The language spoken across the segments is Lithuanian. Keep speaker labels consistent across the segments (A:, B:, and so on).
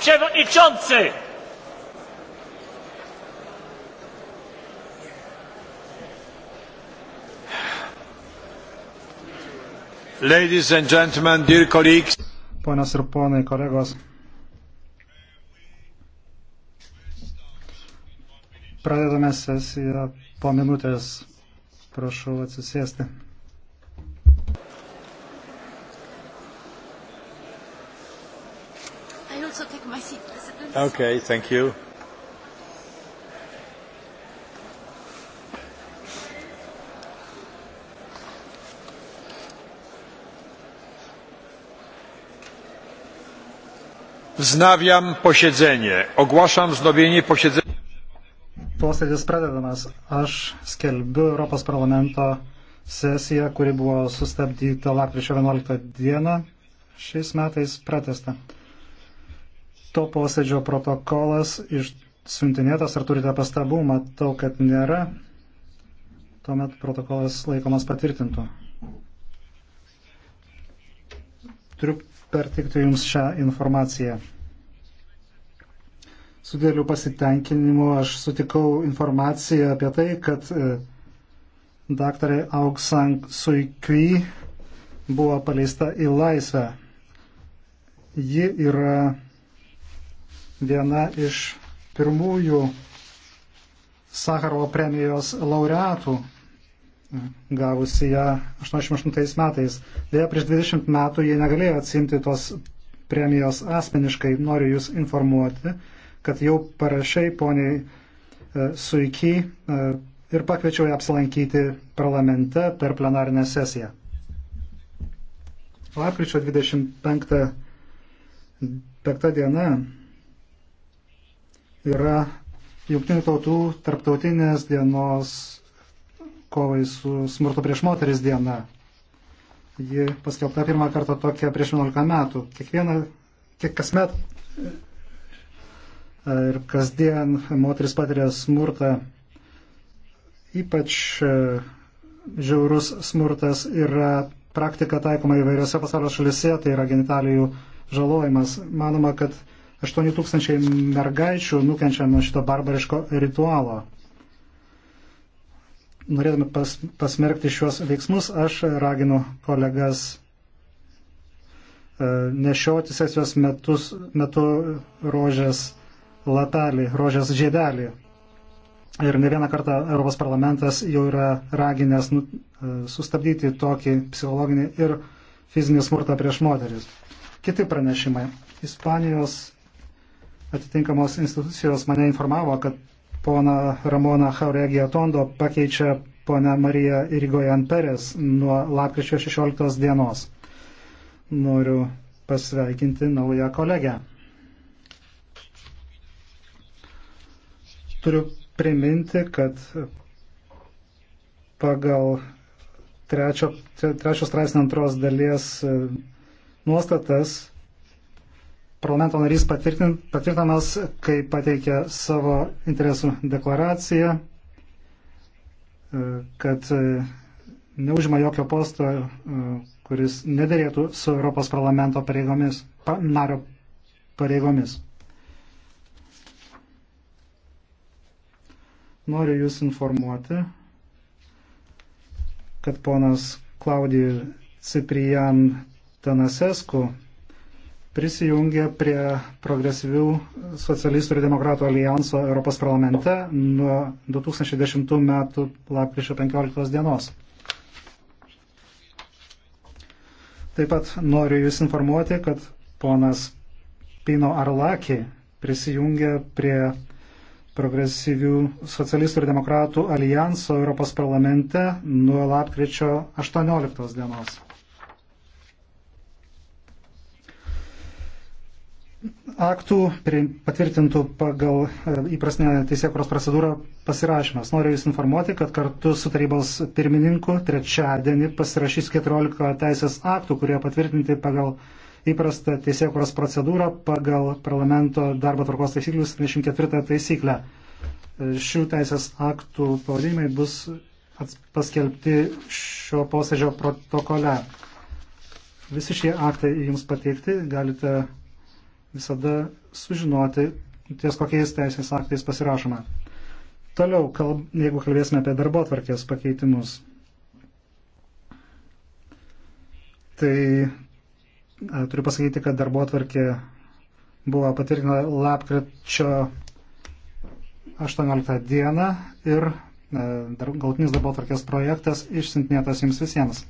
A: przewodniczący! Ladies and gentlemen, dear colleagues. Ponios ir ponai, kolegos. Pradedame sesiją po minutės. Prašau atsisėsti. also take my seat. Okay, thank you. Wznawiam posiedzenie. Ogłaszam wznowienie posiedzenia. Posėdis pradedamas. Aš skelbiu Europos parlamento sesiją, kuri buvo sustabdyta lapkričio 11 dieną. Šiais metais pratesta to posėdžio protokolas išsiuntinėtas, ar turite pastabų, matau, kad nėra. Tuomet protokolas laikomas patvirtintų. Turiu pertikti Jums šią informaciją. Su dėliu pasitenkinimu aš sutikau informaciją apie tai, kad e, daktarė Auksang Suikui buvo paleista į laisvę. Ji yra viena iš pirmųjų Sakarovo premijos laureatų, gavusi ją 88 metais. Dėja, prieš 20 metų jie negalėjo atsimti tos premijos asmeniškai. Noriu Jūs informuoti, kad jau parašiai poniai e, Suiky e, ir pakviečiau ją apsilankyti parlamente per plenarinę sesiją. Lapkričio 25 diena yra Junktinių tautų tarptautinės dienos kovai su smurto prieš moteris diena. Ji paskelbta pirmą kartą tokia prieš 11 metų. Kiekvieną, kiek kasmet e, ir kasdien moteris patiria smurtą. Ypač e, žiaurus smurtas yra praktika taikoma įvairiose pasaulio šalise, tai yra genitalijų žalojimas. Manoma, kad 8 tūkstančiai mergaičių nukenčia nuo šito barbariško ritualo. Norėdami pas, pasmerkti šiuos veiksmus, aš raginu kolegas e, nešioti sesijos metus, metu rožės latalį, rožės žiedelį. Ir ne vieną kartą Europos parlamentas jau yra raginęs nu, e, sustabdyti tokį psichologinį ir fizinį smurtą prieš moteris. Kiti pranešimai. Ispanijos atitinkamos institucijos mane informavo, kad pona Ramona Jauregija Tondo pakeičia pona Marija Irigojan Perez nuo lapkričio 16 dienos. Noriu pasveikinti naują kolegę. Turiu priminti, kad pagal trečio, trečio straipsnio antros dalies nuostatas parlamento narys patvirtinamas, kai pateikė savo interesų deklaraciją, e, kad e, neužima jokio posto, e, kuris nederėtų su Europos parlamento pareigomis, pa, nario pareigomis. Noriu Jūs informuoti, kad ponas Klaudijus Ciprijan Tanasesku prisijungė prie progresyvių socialistų ir demokratų alijanso Europos parlamente nuo 2010 metų lapkričio 15 dienos. Taip pat noriu Jūs informuoti, kad ponas Pino Arlaki prisijungė prie progresyvių socialistų ir demokratų alijanso Europos parlamente nuo lapkričio 18 dienos. aktų patvirtintų pagal e, įprasnę teisėkuros procedūrą pasirašymas. Noriu Jūs informuoti, kad kartu su tarybos pirmininku trečiadienį pasirašys 14 teisės aktų, kurie patvirtinti pagal įprastą teisėkuros procedūrą pagal parlamento darbo tvarkos taisyklių 74 taisyklę. E, šių teisės aktų pavadinimai bus paskelbti šio posėdžio protokole. Visi šie aktai jums pateikti galite visada sužinoti, ties kokiais teisės aktais pasirašoma. Toliau, kalb, jeigu kalbėsime apie darbo tvarkės pakeitimus, tai a, turiu pasakyti, kad darbo tvarkė buvo patvirtinta lapkričio 18 dieną ir galtinis darbo tvarkės projektas išsintinėtas jums visiems.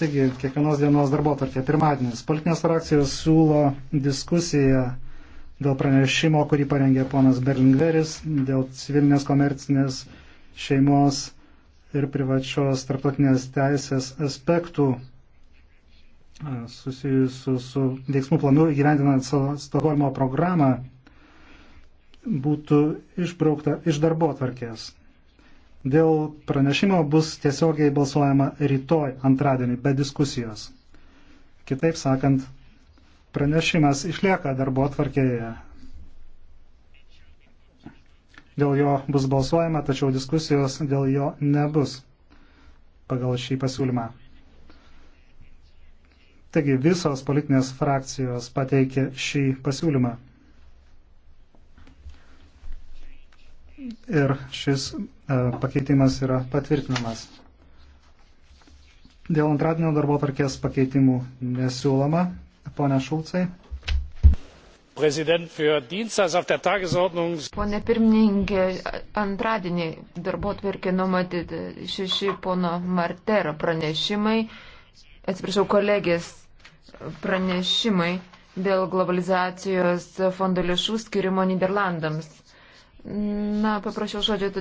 A: Taigi, kiekvienos dienos darbo tarkė pirmadienis. Politinės frakcijos siūlo diskusiją dėl pranešimo, kurį parengė ponas Berlingveris, dėl civilinės komercinės šeimos ir privačios tarptautinės teisės aspektų e, susijusių su veiksmų planu įgyvendinant Stokholmo programą būtų išbraukta iš darbo tvarkės. Dėl pranešimo bus tiesiogiai balsuojama rytoj antradienį be diskusijos. Kitaip sakant, pranešimas išlieka darbo atvarkėje. Dėl jo bus balsuojama, tačiau diskusijos dėl jo nebus pagal šį pasiūlymą. Taigi visos politinės frakcijos pateikė šį pasiūlymą. ir šis e, pakeitimas yra patvirtinamas. Dėl antradienio darbo tarkės pakeitimų nesiūloma. Pone Šulcai. Pone pirmininkė, antradienį darbo tvarkė numatyti šeši pono Martero pranešimai, atsiprašau, kolegės pranešimai dėl globalizacijos fondo lėšų skirimo Niderlandams. Na, paprašiau žodžio,